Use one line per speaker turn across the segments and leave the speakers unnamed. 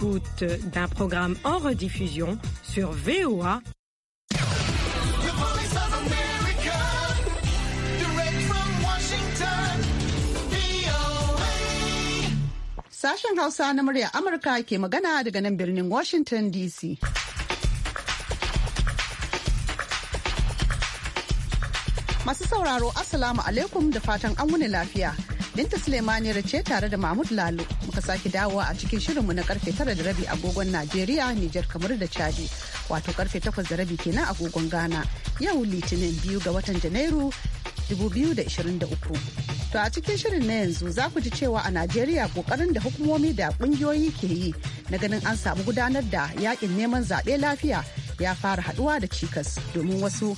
l'écoute d'un programme en rediffusion sur VOA.
Sashen Hausa na murya Amurka ke magana daga nan birnin Washington DC. Masu sauraro, Assalamu alaikum da fatan an wuni lafiya. Binta Suleimani ce tare da Mahmud Lalo muka sake dawowa a cikin shirinmu na karfe tara da rabi agogon Najeriya, Nijar kamar da Chadi, wato karfe takwas da rabi kenan agogon Ghana. Yau Litinin biyu ga watan Janairu 2023. To a cikin shirin na yanzu za ku ji cewa a Najeriya kokarin da hukumomi da kungiyoyi ke yi na ganin an samu gudanar da yakin neman zaɓe lafiya ya fara haɗuwa da cikas domin wasu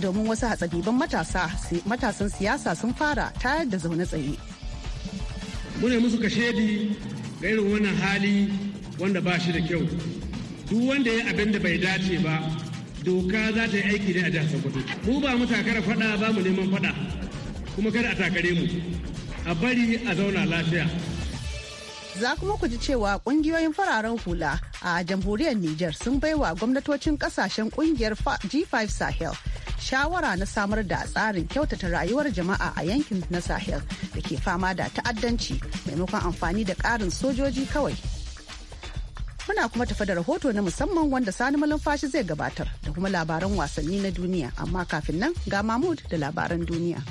domin wasu hatsabiban matasan siyasa sun fara tayar da zaune tsaye.
muna musu kashedi ga irin wannan hali wanda ba shi da kyau. Duk wanda ya abin da bai dace ba, doka za ta yi aiki ne a jihar Sokoto. Mu ba mu takara fada ba mu neman fada kuma kada a takare mu. A bari a zauna lafiya.
za kuma ku ji cewa kungiyoyin fararen hula a jamhuriyar Nijar sun baiwa gwamnatocin kasashen kungiyar G5 Sahel shawara na samar da tsarin kyautata rayuwar jama'a a yankin na Sahel da ke fama da ta'addanci maimakon amfani da ƙarin sojoji kawai. Muna kuma tafa da rahoto na musamman wanda Sani Malumfashi zai gabatar da kuma labaran wasanni na duniya amma kafin nan ga Mahmud da labaran duniya.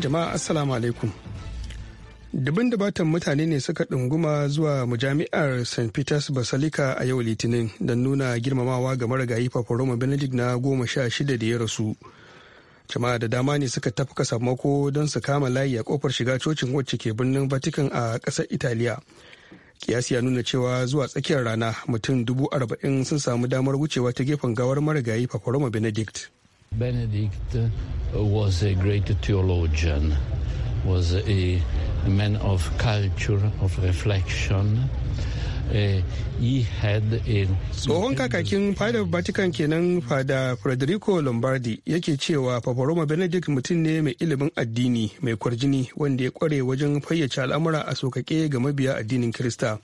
Jama'a Assalamu alaikum. Dubin dubatan mutane ne suka ɗunguma zuwa majami'ar St. Peter's Basilica a yau Litinin don nuna girmamawa ga marigayi roma Benedict na goma sha shida da ya rasu. Jama'a da dama ne suka tafka sammako don su kama layi a kofar shiga cocin wacce ke birnin Vatican a ƙasar Italiya. Kiyasi ya nuna cewa zuwa tsakiyar rana mutum dubu arba'in sun samu damar wucewa ta gefen gawar marigayi roma Benedict.
Benedict was a great theologian, was a man of culture, of reflection.
Eh,
Tsohon kakakin fadar Vatican kenan fada Federico Lombardi yake cewa Roma Benedict mutum ne mai ilimin addini mai kwarjini wanda ya kware wajen fayyace al'amura a sokake ga mabiya addinin Kirista.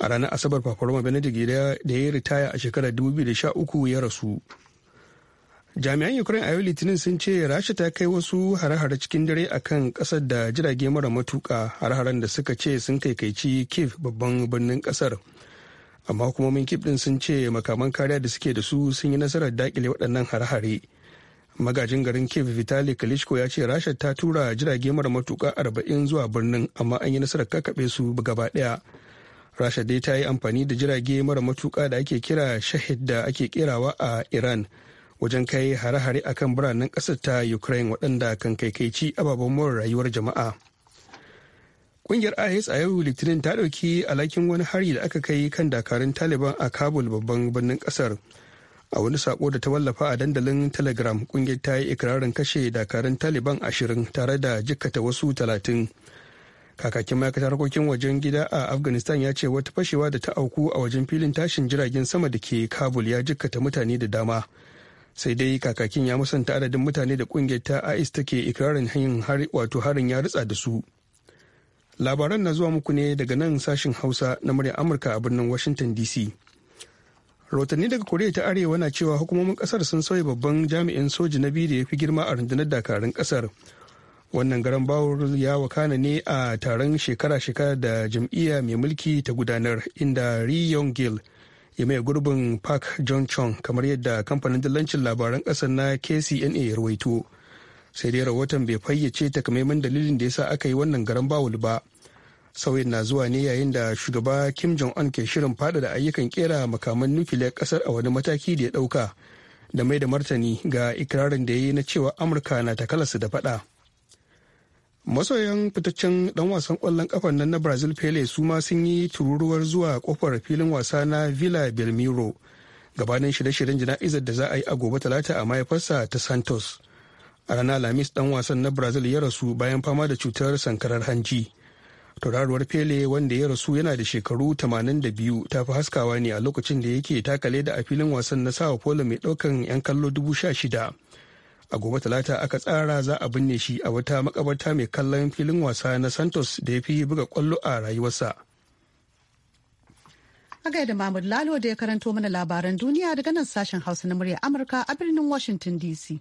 A ranar Asabar Roma Benedict da ya ritaya a shekarar 2013 ya rasu. jami'an ukraine a yau litinin sun ce rasha ta kai wasu hare-hare cikin dare akan kasar da jirage mara matuka hare-haren da suka ce sun kaikaici kif babban birnin kasar amma hukumomin kif din sun ce makaman kariya da suke da su sun yi nasarar dakile waɗannan hare-hare magajin garin kif vitali kalishko ya ce rasha ta tura jirage mara matuka arba'in zuwa birnin amma an yi nasarar kakaɓe su gaba ɗaya rasha dai ta yi amfani da jirage mara matuka da ake kira shahid da ake kirawa a iran wajen kai hare-hare a kan biranen ƙasar ta ukraine waɗanda kan kaikaici ababen more rayuwar jama'a ƙungiyar is a yau litinin ta ɗauki alhakin wani hari da aka kai kan dakarun taliban a kabul babban birnin ƙasar a wani sako da ta wallafa a dandalin telegram ƙungiyar ta yi ikirarin kashe dakarun taliban ashirin tare da jikkata wasu talatin kakakin ma'aikatar harkokin wajen gida a afghanistan ya ce wata fashewa da ta auku a wajen filin tashin jiragen sama da ke kabul ya jikkata mutane da dama sai dai kakakin ya musanta adadin mutane da kungiyar ta ais take ikirarin yin wato harin ya ritsa da su labaran na zuwa muku ne daga nan sashin hausa na murya amurka a birnin washington dc rahotanni daga koriya ta arewa na cewa hukumomin kasar sun sauya babban jami'in soji na biyu da ya fi girma a rundunar dakarun kasar wannan garan bawur ya wakana ne a taron shekara-shekara da jam'iyya mai mulki ta gudanar inda ri yong gil ya mai gurbin park john kamar yadda kamfanin dillancin labaran ƙasar na kcna ya rawaito sai dai rahoton bai fayyace takamaiman dalilin da ya sa aka yi wannan garan bawul ba sauyin na zuwa ne yayin da shugaba kim jong un ke shirin faɗaɗa ayyukan kera makaman nukiliyar kasar a wani mataki da ya dauka da mai da martani ga ikirarin da ya yi na cewa amurka na takalarsu da fada. masoyan fitaccen dan wasan kwallon kafan nan na brazil pele su ma sun yi tururuwar zuwa kofar filin wasa na villa belmiro gabanin shirye-shiryen jana'izar da za a yi a gobe talata a mahaifarsa ta santos a ranar lamis dan wasan na brazil ya rasu bayan fama da cutar sankarar hanji tauraruwar pele wanda ya rasu yana da shekaru 82 ta fi haskawa ne a lokacin da yake takale da a filin wasan na sao paulo mai daukan 'yan kallo dubu sha shida a gobe talata aka tsara za a binne shi a wata makabarta mai kallon filin wasa na santos da ya fi buga kwallo a rayuwarsa
a gaida mahmud lalo da ya karanto mana labaran duniya daga nan sashen hausa na murya amurka a birnin washington dc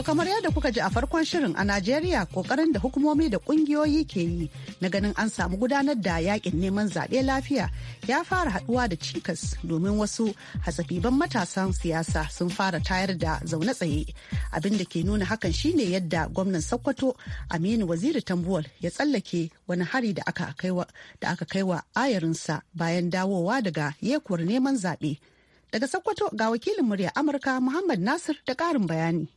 To kamar yadda kuka ji a farkon shirin a Najeriya kokarin da hukumomi da kungiyoyi ke yi na ganin an samu gudanar da yakin neman zaɓe lafiya ya fara haɗuwa da cikas domin wasu hatsafiban matasan siyasa sun fara tayar da zaune tsaye abin da ke nuna hakan shine yadda gwamnan Sokoto Aminu Waziri Tambuwal ya tsallake wani hari da aka kai wa ayarinsa bayan dawowa daga yekuwar neman zaɓe. Daga Sokoto ga wakilin murya Amurka Muhammad Nasir da ƙarin bayani.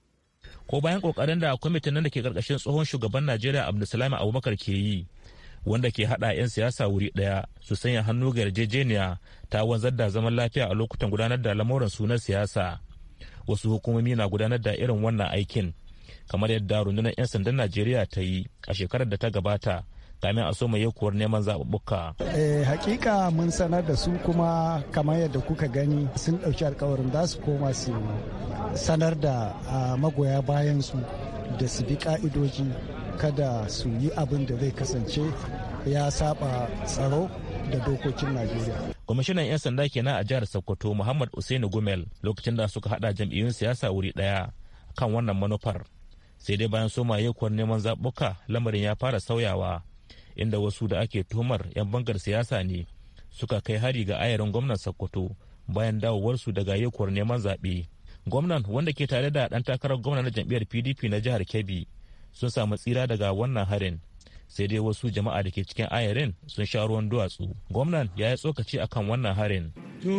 ko bayan kokarin da kwamitin nan da ke karkashin tsohon shugaban najeriya abdulsalam abubakar ke yi wanda ke hada 'yan siyasa wuri daya su sanya hannu ga yarjejeniya ta wanzar da zaman lafiya a lokutan gudanar da lamuran sunan siyasa wasu hukumomi na gudanar da irin wannan aikin kamar yadda rundunar 'yan sandan najeriya ta yi a shekarar da ta gabata kamin a soma yakuwar neman zaɓuɓɓuka.
Eh, hakika mun sanar da su kuma kamar yadda kuka gani sun ɗauki alkawarin za su koma su sanar da ah, magoya bayan su da su bi ka'idoji kada su yi abin da zai kasance ya saba tsaro da dokokin Najeriya.
Kwamishinan 'yan sanda kenan a jihar Sokoto Muhammad Usainu Gumel lokacin da suka hada jam'iyyun siyasa wuri daya kan wannan manufar. Sai dai bayan soma yakuwar neman zaɓuka lamarin ya fara sauyawa inda wasu da ake tuhumar 'yan bangar siyasa ne suka kai hari ga ayarin gwamnan sokoto bayan dawowarsu daga yekuwar neman zaɓe gwamnan wanda ke tare da ɗan takarar gwamnan na jam'iyyar pdp na jihar kebbi sun samu tsira daga wannan harin sai dai wasu jama'a da ke cikin ayarin sun sha ruwan duwatsu gwamnan ya yi tsokaci akan wannan harin
to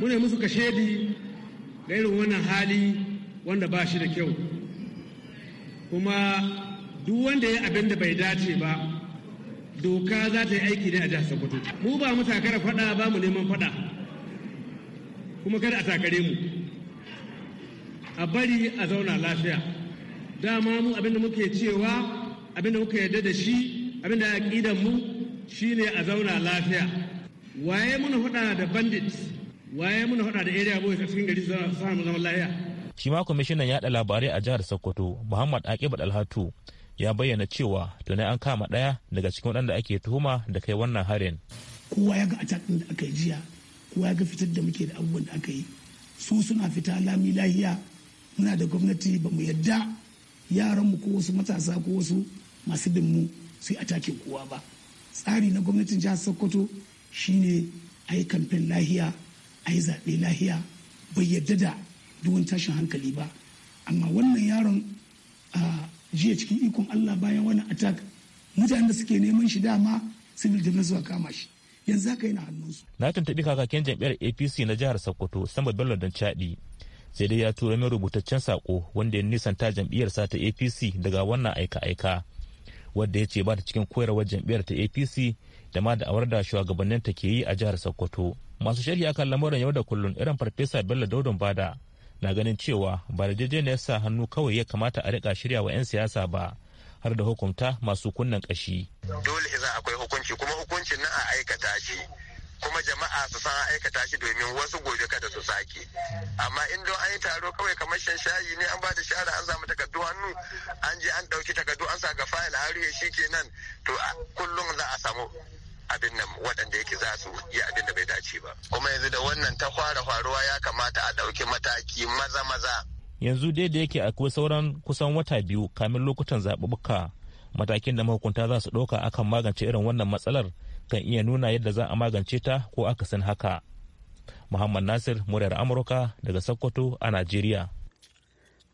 muna musu kashedi ga irin wannan hali wanda ba shi da kyau kuma duk wanda ya abin da bai dace ba doka za ta yi aiki ne a jihar sokoto mu ba mu takara faɗa ba mu neman faɗa kuma kada a takare mu a bari a zauna lafiya dama mu abin da muke cewa abin da muka yarda da shi abin da aƙidan mu shine a zauna lafiya waye muna faɗa da bandit waye muna faɗa da area boys a cikin gari su samu zaman lafiya
shi ma kwamishinan yaɗa labarai a jihar sokoto muhammad aqib alhatu ya bayyana cewa tuni an kama ɗaya daga cikin waɗanda ake tuhuma da kai wannan harin. kowa ya ga attack da aka yi jiya kowa ya ga fitar da muke da abubuwan da aka yi su suna fita lami lahiya muna da gwamnati ba mu yadda yaranmu ko wasu matasa ko wasu masu dimmu su yi atakin kowa ba tsari na gwamnatin jihar sokoto shine a yi kamfen lahiya a yi zaɓe lahiya bai yadda da duwan tashin hankali ba amma wannan yaron ah, jiya cikin ikon Allah bayan wani attack mutanen da suke neman shi dama civil defense suka kama shi yanzu haka yana hannunsu. Na tuntuɓi kakakin jam'iyyar APC na jihar Sokoto Samad Bello don Chadi sai dai ya tura min rubutaccen sako wanda ya nisanta jam'iyyar sa ta APC daga wannan aika-aika wadda ya ce ba ta cikin koyarwar jam'iyyar ta APC da ma da awar da shugabannin ta ke yi a jihar Sokoto. Masu sharhi akan lamuran yau da kullun irin Farfesa Bello Dodon Bada na ganin cewa ba da ya sa hannu kawai ya kamata a rika shirya wa 'yan siyasa ba har da hukunta masu kunnen kashi.
Dole za akwai hukunci kuma hukuncin nan a aikata shi kuma
jama'a su san aikata shi domin wasu gobe kada su sake amma in don an yi taro kawai kamar shan shayi ne an ba da shahara an samu takardu hannu an je an ɗauki takardu an sa ga fayil har shi kenan to kullum za a samu abin nan waɗanda yake za su yi abin da bai dace ba kuma yanzu da wannan ta fara faruwa ya kamata a ɗauki mataki maza maza
yanzu dai da yake akwai sauran kusan wata biyu kamin lokutan zaɓuɓɓuka matakin da mahukunta za su ɗauka akan magance irin wannan matsalar kan iya nuna yadda za a magance ta ko akasin haka muhammad nasir muryar amurka daga sokoto a najeriya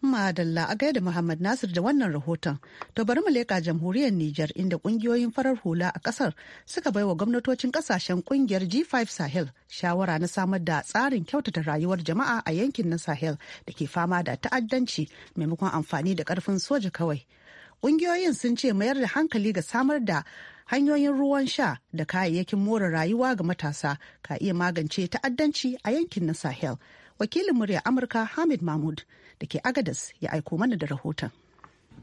Madalla a gaida Muhammad Nasir da wannan rahoton. To bari mu leƙa jamhuriyar Nijar inda ƙungiyoyin farar hula a ƙasar suka baiwa gwamnatocin ƙasashen ƙungiyar G5 Sahel shawara na samar da tsarin kyautata rayuwar jama'a a yankin na Sahel da ke fama da ta'addanci maimakon amfani da ƙarfin soja kawai. Ƙungiyoyin sun ce mayar da hankali ga samar da hanyoyin ruwan sha da kayayyakin more rayuwa ga matasa ka iya magance ta'addanci a yankin na Sahel. Wakilin murya Amurka Hamid Mahmud da ke Agadas ya aiko mana da rahoton.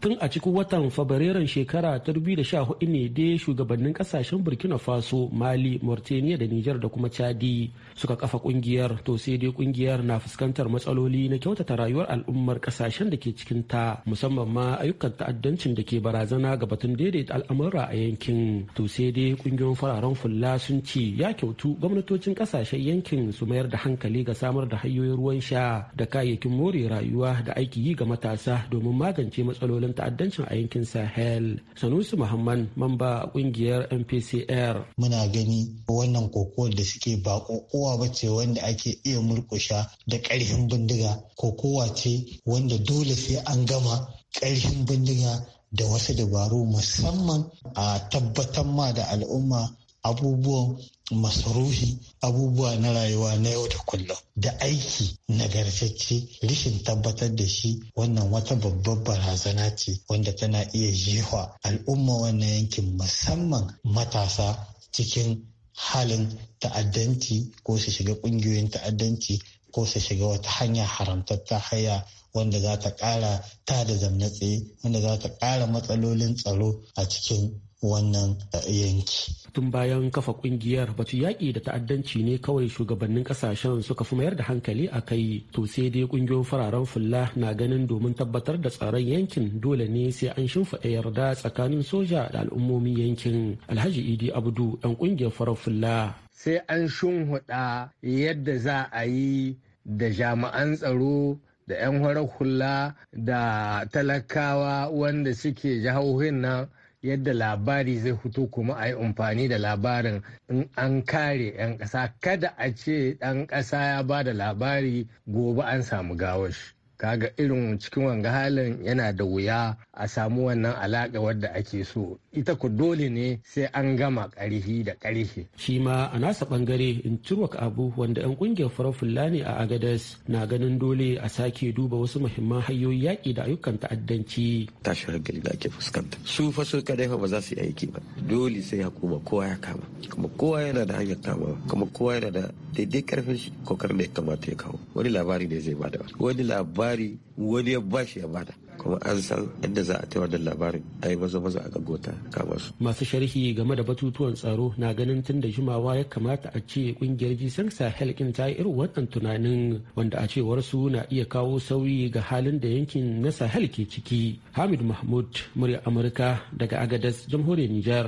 tun a cikin watan fabrairun shekara ta hudu ne dai shugabannin kasashen burkina faso mali mauritania da Niger da kuma chadi suka kafa kungiyar to sai dai kungiyar na fuskantar matsaloli na kyautata rayuwar al'ummar kasashen da ke cikin ta musamman ma ayyukan ta'addancin da ke barazana ga batun daidaita al'amura a yankin to sai dai kungiyoyin fararen fulla sun ce ya kyautu gwamnatocin kasashen yankin su mayar da hankali ga samar da hanyoyin ruwan sha da kayayyakin more rayuwa da aiki yi ga matasa domin magance matsaloli. matsalolin ta'addancin a yankin sahel sanusi muhammad mamba kungiyar npcr
muna gani wannan kokowar da suke ba kokowa ba ce wanda ake iya murkusha da karfin bindiga kokowa ce
wanda dole sai an gama karfin bindiga da wasu dabaru
musamman
a tabbatar ma da al'umma abubuwan masarufi abubuwa na rayuwa na yau da kullum da aiki nagartacce rishin tabbatar da shi wannan wata babbar barazana ce wanda tana iya jefa al'umma wannan yankin musamman matasa cikin halin ta'addanci ko su shiga ƙungiyoyin ta'addanci ko su shiga wata hanya haramtatta haya wanda za ta ƙara ta da zamnatse wanda za ta ƙara matsalolin tsaro a cikin wannan eh, yanki.
Tun bayan kafa kungiyar batu yaƙi da ta'addanci ne kawai shugabannin ƙasashen suka fi mayar da hankali a kai to sai dai kungiyoyin fararen fulla na ganin domin tabbatar da tsaron yankin dole ne sai an shimfiɗa yarda tsakanin soja da al'ummomin yankin alhaji idi abdu ɗan ƙungiyar farar fulla.
Sai an
huda yadda za a yi da jami'an tsaro da 'yan farar hula da talakawa wanda suke jihohin nan yadda labari zai fito kuma a yi amfani da labarin in an kare 'yan ƙasa
kada a ce ɗan ƙasa ya ba da labari gobe an samu gawashi. kaga irin cikin wanga halin yana da wuya a samu wannan alaƙa wadda ake so
ita ku dole ne sai an gama ƙarfi da ƙarfi.
shi ma a nasa ɓangare in ka abu wanda 'yan ƙungiyar farar fulani a agadas na ganin dole a sake duba wasu muhimman hanyoyin yaƙi da ayyukan ta'addanci. tashin hankali da ake fuskanta su fa kadai fa ba za su yi aiki ba dole sai hukuma kowa ya kama kuma kowa yana da hanyar kama kuma kowa yana da daidai karfin shi kokar da ya kamata ya kawo wani labari ne zai bada wani labari labari wani ya shi ya bada kuma an san yadda za a taiwa da labarin a yi maza maza a gagota kama su. masu sharhi game da batutuwan tsaro na ganin tun da jimawa ya kamata a ce kungiyar jisan sahel kin ta yi irin wannan tunanin wanda a cewar su na iya kawo sauyi ga halin da yankin na sahel ke ciki hamid mahmud murya amurka daga agadas jamhuriyar nijar.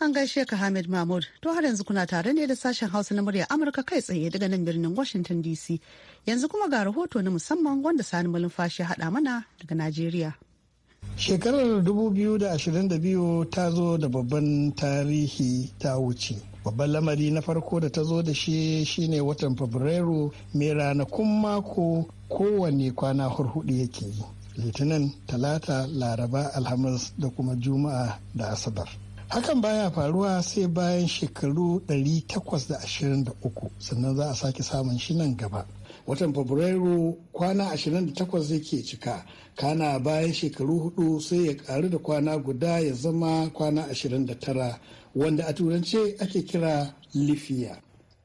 An gaishe ka Hamid Mahmud. To har yanzu kuna tare ne da sashen Hausa na murya Amurka kai tsaye daga nan birnin Washington DC. Yanzu kuma ga rahoto na musamman wanda Sani Malumfashi haɗa mana daga Najeriya.
Shekarar 2022 ta zo da babban tarihi ta wuce. Babban lamari na farko da ta zo da shi shine watan Fabrairu mai ranakun mako kowane kwana hurhudu yake yi. Litinin, Talata, Laraba, Alhamis da kuma Juma'a da Asabar. hakan baya faruwa sai bayan shekaru 823 sannan za a sake samun shi nan gaba watan fabrairu kwana 28 ke cika kana bayan shekaru hudu sai ya karu da kwana guda ya zama kwana 29 wanda a turance ake kira lifiya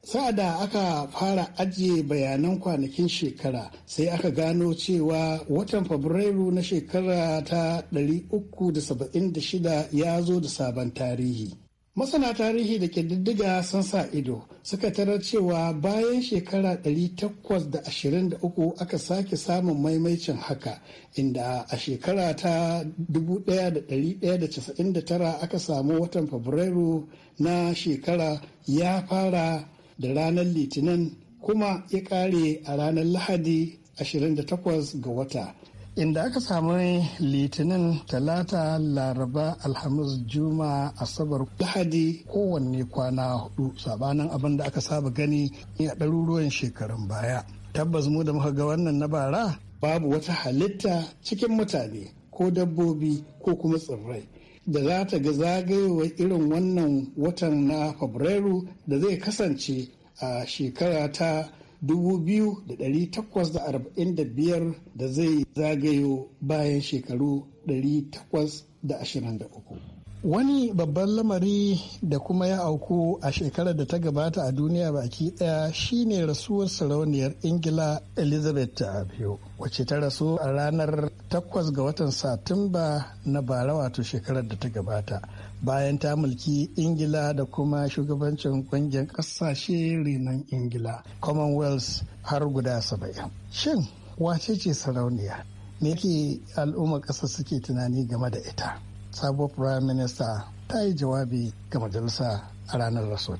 Sa'ada aka fara ajiye bayanan kwanakin shekara sai aka gano cewa watan fabrairu na shekara ta 376 ya zo da sabon tarihi masana tarihi da diddiga sun sa ido suka tarar cewa bayan shekara 823 aka sake samun maimaicin haka inda a shekara ta 1199 aka samu watan fabrairu na shekara ya fara da ranar litinin kuma ya kare a ranar lahadi 28 ga wata inda aka samu litinin talata laraba alhamis juma asabar lahadi kowanne kwana hudu sabanin abin da aka saba gani a ɗaruruwan shekarun baya tabbas mu da muka ga wannan na bara babu wata halitta cikin mutane ko dabbobi ko kuma tsirrai da za ta ga zagayowar irin wannan watan na fabrairu da zai kasance a shekara ta 2845 da zai zagayo bayan shekaru 823. Wani babban lamari da kuma ya auku a shekarar da ta gabata a duniya baki daya shine rasuwar sarauniyar Ingila Elizabeth ta biyu, wacce ta rasu a ranar 8 ga watan Satumba na bara wato shekarar da ta gabata. Bayan ta mulki Ingila da kuma shugabancin kungiyar kasashe renon Ingila, Commonwealth har guda saba'in. Shin wace ce sarauniya? Me ke al'umma ƙasa suke tunani game da ita? sabuwar prime minister ta yi jawabi ga majalisa a ranar rasuwa.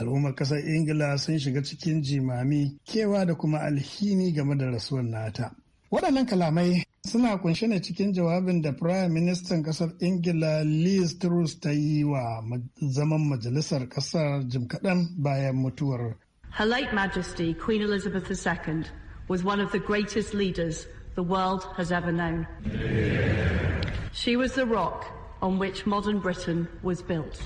al'ummar kasar ingila sun shiga cikin jimami kewa da kuma alhini game da rasuwar nata waɗannan kalamai suna kunshe ne cikin jawabin da prime Minister kasar ingila liz truss ta yi wa zaman majalisar kasar jim kaɗan bayan mutuwar
her late majesty queen elizabeth ii was one of the greatest leaders the world has ever known. She was the rock on which modern Britain was built.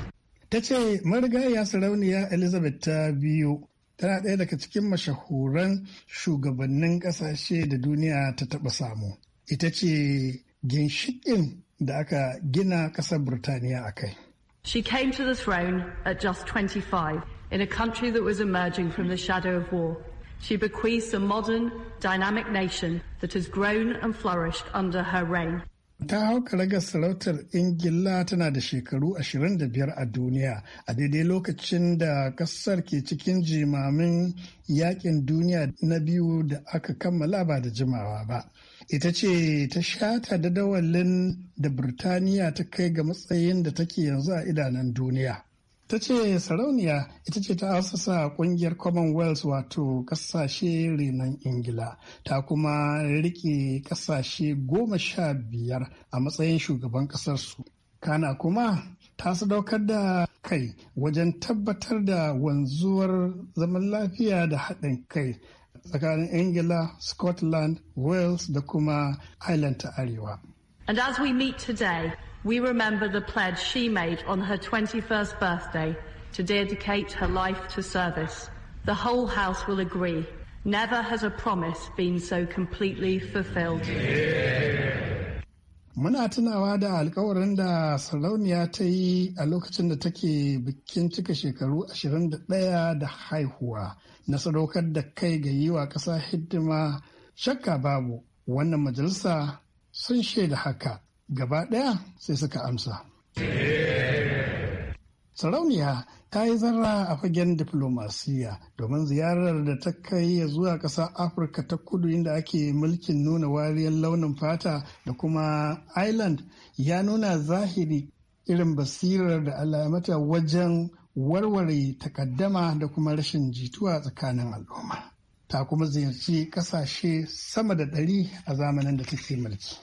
Ta ce marigaya sarauniya Elizabeth ta biyu tana ɗaya daga cikin mashahuran shugabannin ƙasashe da duniya ta taɓa samu. Ita ce ginshiƙin da aka gina ƙasar Burtaniya a kai.
She came to the throne at just 25 in a country that was emerging from the shadow of war. She bequeaths a modern, dynamic nation that has grown and flourished under her reign.
Ta hauka raga sarautar Ingila tana da shekaru 25 a duniya a daidai lokacin da kasar ke cikin jimamin yakin duniya na biyu da aka kammala ba da jimawa ba. Ita ce ta shata da dawalin da Birtaniya ta kai ga matsayin da take yanzu a idanun duniya. ta ce sarauniya ita ce ta asasa kungiyar commonwealth wato kasashe renon ingila ta kuma rike kasashe goma sha biyar a matsayin shugaban kasarsu kana kuma ta sadaukar da kai wajen tabbatar da wanzuwar zaman lafiya da haɗin kai tsakanin ingila scotland wales da kuma ireland ta arewa
and as we meet today we remember the pledge she made on her 21st birthday to dedicate her life to service. The whole House will agree. Never has a promise been so completely
fulfilled.
Muna tunawa da alkawarin da ta yi a lokacin da take bikin cika shekaru 21 da haihuwa na sadaukar da kai ga yi wa ƙasa hidima shakka babu wannan majalisa sun shaida haka. Gaba ɗaya sai suka amsa. Sarauniya ta yi zarra a fagen diflomasiya domin ziyarar da ta kai ya zuwa ƙasa Afirka ta kudu inda ake mulkin nuna wariyar launin fata da kuma Ireland ya nuna zahiri irin basirar da alamata wajen warware takaddama da kuma rashin jituwa tsakanin al'umma. Ta kuma ziyarci ƙasashe sama da ɗari a zamanin da take mulki.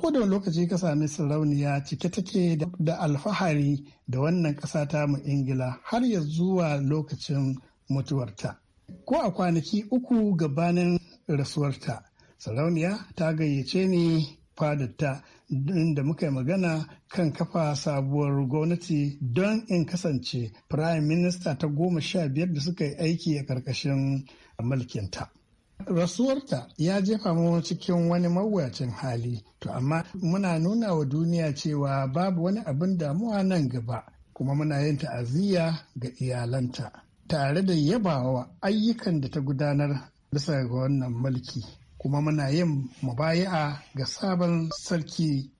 ko da lokaci ka sami sarauniya cike take da alfahari da wannan ƙasa ta mu ingila har ya zuwa lokacin mutuwarta ko a kwanaki uku gabanin rasuwarta sarauniya ta gayyace ni fadarta da muka yi magana kan kafa sabuwar gwamnati don in kasance prime minister ta goma sha biyar da suka yi aiki a ƙarƙashin mulkinta. Rasuwarta ya jefa mu cikin wani mawuyacin hali, to amma muna nuna wa duniya cewa babu wani abin damuwa nan gaba, kuma muna yin ta'aziyya ga iyalanta, tare da yabawa ayyukan da ta gudanar bisa ga wannan mulki, kuma muna yin mubaya'a ga sabon sarki.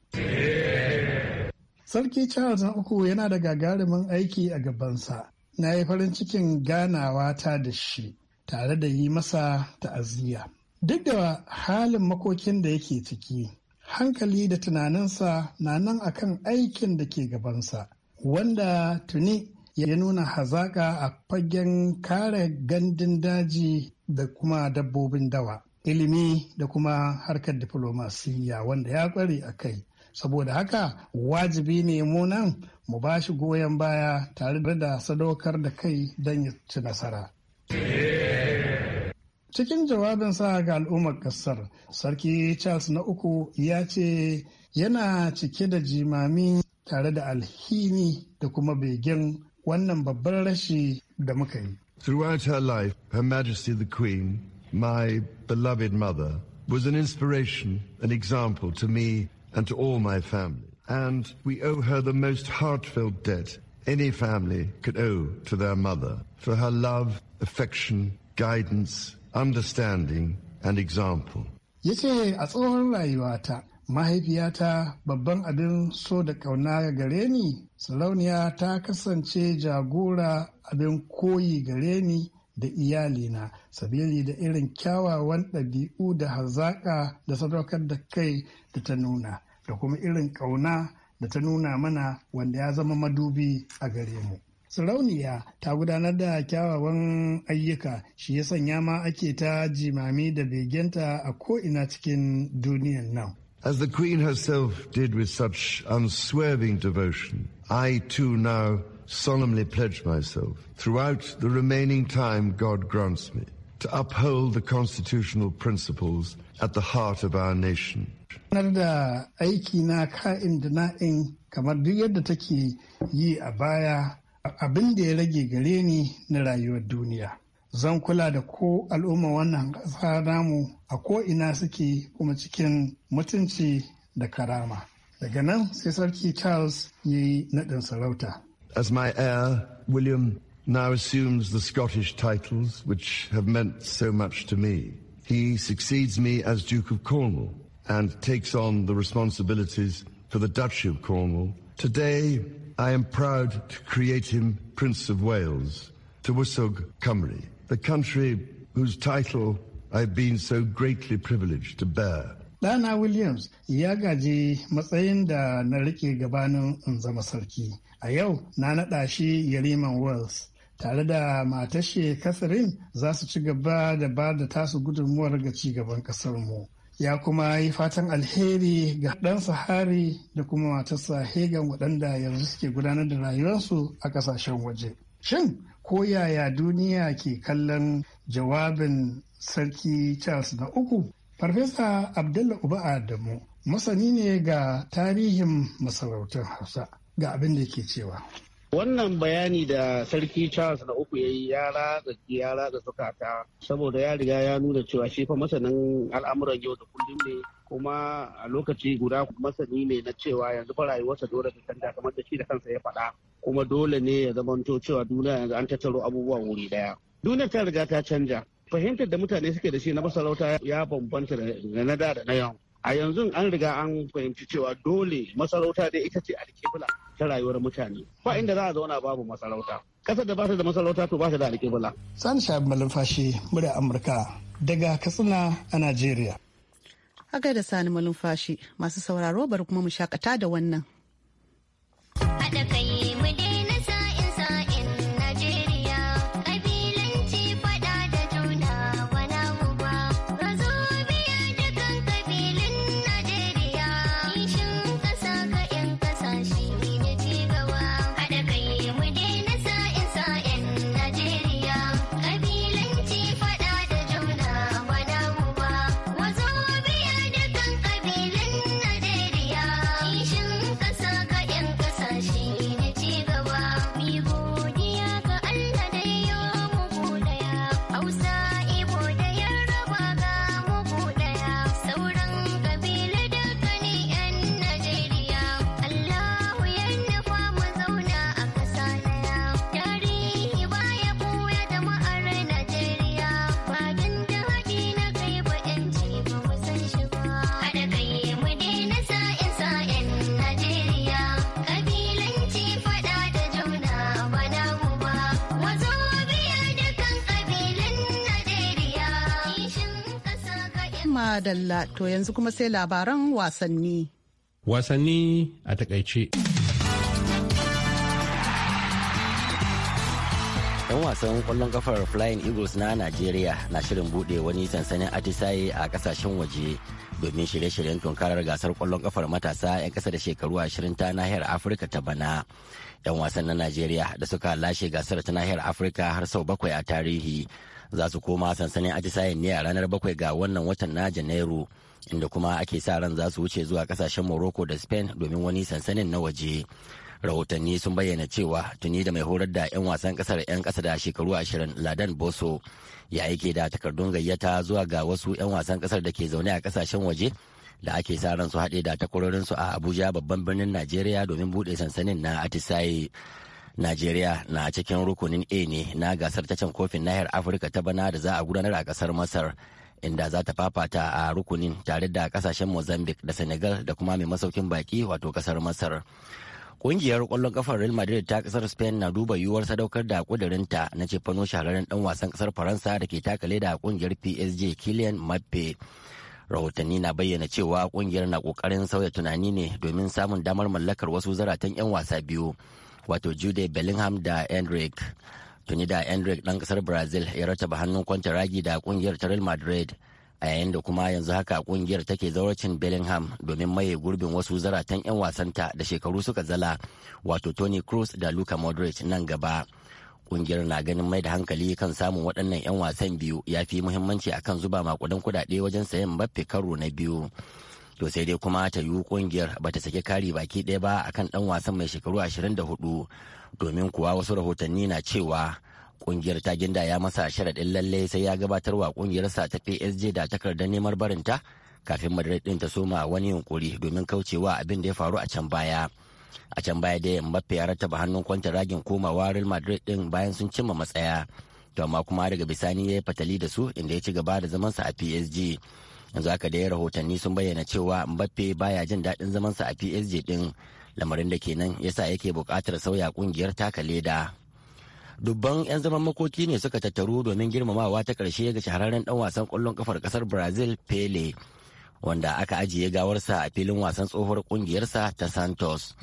Sarki Charles na uku yana da gagarumin aiki a gabansa, na yi farin cikin ganawa ta da shi. tare da yi masa ta'aziyya. Duk da halin makokin da yake ciki, hankali da tunaninsa na nan akan aikin da ke gabansa, wanda tuni ya nuna hazaƙa a fagen kare gandun daji da kuma dabbobin dawa, ilimi da kuma harkar diflomasiyya wanda ya ƙware a kai. saboda haka wajibi ne mu nan mu ba shi goyon baya tare da sadaukar da kai don ya ci nasara. Eh, Cikin jawabinsa ga al'ummar kasar, Sarki Charles na uku ya ce yana cike da jimami tare da alhini da kuma begen wannan rashi da muka yi.
Throughout her life, Her Majesty the Queen, my beloved mother, was an inspiration, an example to me and to all my family. And we owe her the most heartfelt debt any family could owe to their mother for her love, affection, guidance, understanding, and example. Ya
ce a tsohon rayuwata mahaifiyata babban abin so da ƙauna gare ni sarauniya ta kasance jagora abin koyi gare ni da iyalina sabili da irin kyawawan ɗabi'u da hazaƙa da sadaukar da kai da ta nuna da kuma irin ƙauna da ta nuna mana wanda ya zama madubi a gare mu. sarauniya ta gudanar da kyawawan ayyuka shi ya sanya ma ake ta jimami da begenta a ko'ina cikin duniyan nan.
As the Queen herself did with such unswerving devotion, I too now solemnly pledge myself throughout the remaining time God grants me to uphold the constitutional principles at the heart of our nation.
da aiki na ka'in da na'in kamar duk yadda take yi a baya abin da ya rage gare ni na rayuwar duniya zan kula da ko al'umma wannan ƙasa namu a ko ina suke kuma cikin mutunci da karama daga nan sai sarki charles ya yi naɗin sarauta
as my heir william now assumes the scottish titles which have meant so much to me he succeeds me as duke of cornwall and takes on the responsibilities for the duchy of cornwall today I am proud to create him Prince of Wales, Tywysog Cymru, the country whose title I've been so greatly privileged to bear.
Dana Williams ya gaji matsayin da na rike gabanin in zama sarki. A yau na naɗa shi Yariman tare da matashi Catherine za su ci gaba da ba da tasu gudunmuwar ga ci gaban ƙasarmu. ya kuma yi fatan alheri ga ɗansa hari da kuma matarsa hegan waɗanda yanzu suke gudanar da rayuwarsu a ƙasashen waje shin ko yaya duniya ke kallon jawabin sarki charles na uku farfesa abdullah uba adamu masani ne ga tarihin masarautar hausa ga abin da ke cewa
Wannan bayani da Sarki Charles na uku ya yi ya ratsa ya ratsa zukata saboda ya riga ya nuna cewa shi fa masanin al'amuran yau da kullum ne kuma a lokaci guda masani ne na cewa yanzu rayuwarsa dole ta canja kamar da shi da kansa ya faɗa kuma dole ne ya zamanto cewa duniya yanzu an tattaro abubuwa wuri daya. Duniya ta riga ta canja fahimtar da mutane suke da shi na masarauta ya bambanta da na da na yau a yanzu an riga an fahimci cewa dole masarauta dai ita ce alkibla ta rayuwar mutane ba inda za a zauna babu masarauta ƙasar da ba ta da masarauta to ba ta da alkibla
sani shabi malumfashi murya amurka daga katsina a najeriya
a da sani malumfashi masu sauraro bari kuma mu shakata da wannan Dalla to yanzu kuma sai labaran wasanni.
Wasanni a takaice. 'yan wasan kwallon kafar flying eagles na najeriya na shirin bude wani sansanin atisaye a kasashen waje domin shirye-shiryen tunkarar gasar kwallon kafar matasa 'yan kasa da shekaru 20 ta nahiyar afirka ta bana 'yan wasan na najeriya da suka lashe gasar ta nahiyar afirka har sau bakwai a tarihi za su koma sansanin atisayen ne a ranar bakwai ga wannan watan na janairu inda kuma ake sa ran za su wuce zuwa kasashen morocco da spain domin wani sansanin na waje rahotanni sun bayyana cewa tuni da mai horar da 'yan wasan kasar 'yan kasa da shekaru ashirin ladan boso ya aike da takardun gayyata zuwa ga wasu 'yan wasan kasar da ke zaune a kasashen waje da ake sa ran su haɗe da takwarorinsu a abuja babban birnin najeriya domin buɗe sansanin na atisaye Najeriya na cikin rukunin A ne na gasar ta can kofin nahiyar Afirka ta bana da za a gudanar a kasar Masar inda za ta fafata a rukunin tare da kasashen Mozambique da Senegal da kuma mai masaukin baki wato kasar Masar. Kungiyar kwallon kafar Real Madrid ta kasar Spain na duba yiwuwar sadaukar da kudurinta na cefano shahararren dan wasan kasar Faransa da ke takale da kungiyar PSG Kylian Mbappe. Rahotanni na bayyana cewa kungiyar na kokarin sauya tunani ne domin samun damar mallakar wasu zaratan 'yan wasa biyu. wato jude bellingham da enric tuni da enric dan kasar brazil ya rataba hannun ragi da kungiyar ta real madrid a yayin da kuma yanzu haka kungiyar take zauracin bellingham domin maye gurbin wasu zaratan 'yan wasanta da shekaru suka zala wato tony cruz da luka modric nan gaba kungiyar na ganin mai da hankali kan samun waɗannan 'yan wasan biyu ya fi muhimmanci akan zuba makudan kudade wajen sayan mafi karo na biyu to sai dai kuma ta yi kungiyar ba ta saki kari baki ɗaya ba akan ɗan wasan mai shekaru 24 domin kuwa wasu rahotanni na cewa kungiyar ta ginda ya masa sharaɗin lalle sai ya gabatar wa kungiyarsa ta psg da takardar neman barinta kafin madrid ɗin ta soma wani yunkuri domin kaucewa abin da ya faru a can baya a can baya dai mbappe ya rattaba hannun kwanta ragin komawa real madrid ɗin bayan sun cimma matsaya to amma kuma daga bisani ya yi fatali da su inda ya ci gaba da zamansa a psg yanzu haka ya rahotanni sun bayyana cewa mbappe baya jin daɗin zamansa a psg ɗin lamarin da kenan yasa yake buƙatar sauya ƙungiyar taka leda dubban 'yan zaman makoki ne suka tattaru domin girmamawa ta ƙarshe ga shahararren ɗan wasan ƙwallon ƙafar ƙasar brazil pele wanda aka ajiye gawarsa a filin wasan tsohuwar ƙungiyarsa ta santos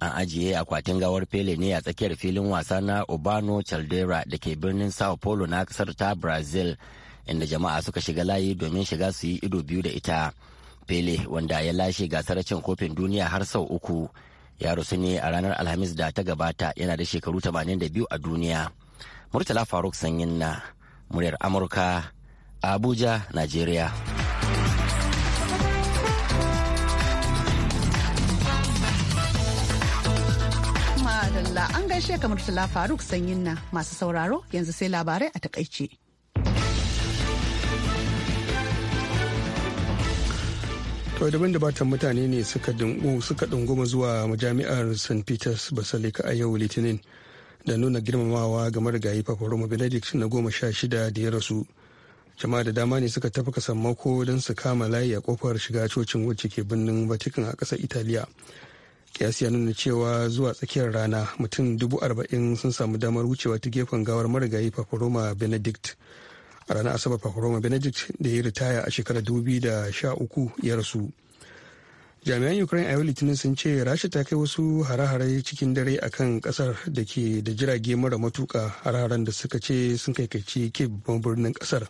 an ajiye akwatin gawar pele ne a tsakiyar filin wasa na obano caldera da ke birnin sao paulo na ƙasar ta brazil inda jama'a suka shiga layi domin shiga su yi ido biyu da ita pele wanda ya lashe gasar cin kofin duniya har sau uku ya rusu ne a ranar alhamis da ta gabata yana da shekaru 82 a duniya murtala faruk sanyin na muryar amurka abuja nigeria
an gaishe kamar Murtala Faruk Sanyin na masu sauraro yanzu sai labarai a takaice.
kawai daban da batan mutane ne suka dungu suka dunguma zuwa majami'ar st peters basalika a yau litinin da nuna girmamawa ga marigayi papa roma benedict na goma sha shida da ya rasu jama'a da dama ne suka tafi mako don su kama layi a kofar shiga cocin wacce ke birnin vatican a ƙasar italiya kiyasi ya nuna cewa zuwa tsakiyar rana mutum dubu arba'in sun samu damar wucewa ta gefen gawar marigayi papa roma benedict a ranar asabar fafaroma benedict da ya ritaya a shekarar uku ya rasu jami'an ukraine a yau litinin sun ce rasha ta kai wasu hare-hare cikin dare akan kasar da ke da jirage mara matuka hare-haren da suka ce sun kai kib babban birnin kasar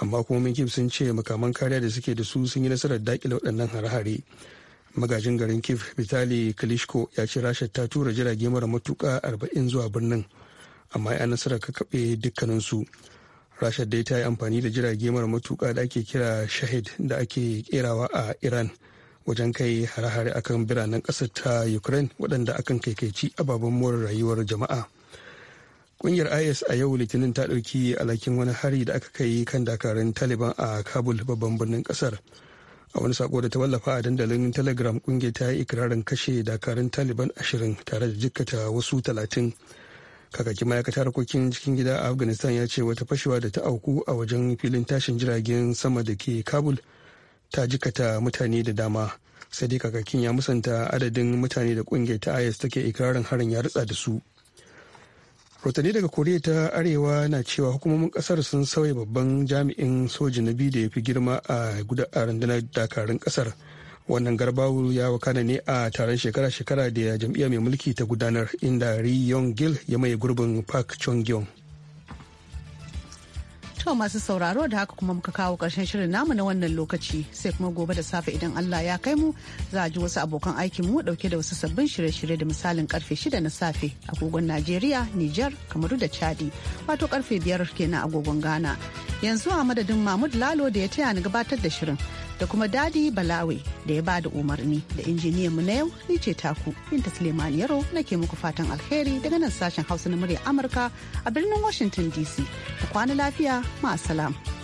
amma kuma hukumomin kib sun ce makaman kariya da suke da su sun yi nasarar dakile waɗannan hare-hare magajin garin kif vitali kalishko ya ce rasha ta tura jirage mara matuka arba'in zuwa birnin amma ya nasarar kakaɓe dukkaninsu rasha dai ta yi amfani da jirage mara matuka da ake kira shahid da ake kerawa a iran wajen kai hare-hare akan biranen ƙasar ta ukraine waɗanda akan kaikaici ababen more rayuwar jama'a ƙungiyar is a yau litinin ta ɗauki alhakin wani hari da aka kai kan dakarun taliban a kabul babban birnin ƙasar a wani sako da ta wallafa a dandalin telegram ƙungiyar ta yi ikirarin kashe dakarun taliban ashirin tare da jikkata wasu talatin kakakin ma'aikatar harkokin cikin gida a afghanistan ya ce wata fashewa da ta auku a wajen filin tashin jiragen sama da ke kabul ta jikata mutane da dama sai dai kakakin ya musanta adadin mutane da kungiyar ta is take ikirarin harin ya rutsa da su rotani daga koriya ta arewa na cewa hukumomin kasar sun sauya babban jami'in soji na biyu da ya fi girma a da dakarun kasar wannan garbawu ya wakana ne a taron shekara-shekara da jam'iyya mai mulki ta gudanar inda ri yong gil ya maye gurbin park chung
To masu sauraro da haka kuma muka kawo karshen shirin namu na wannan lokaci sai kuma gobe da safe idan Allah ya kai mu za a ji wasu abokan aikin mu dauke da wasu sabbin shirye-shirye da misalin karfe 6 na safe agogon Najeriya, niger Kamaru da Chadi wato karfe 5 kenan agogon Ghana. Yanzu a madadin Mahmud Lalo da ya taya ni gabatar da shirin. da kuma dadi balawe da ya ba da umarni da injiniyan mu na yau ni ce taku binta suleiman yaro nake muku fatan alheri daga nan sashen hausa na murya amurka a birnin washington dc da kwana lafiya ma'asalam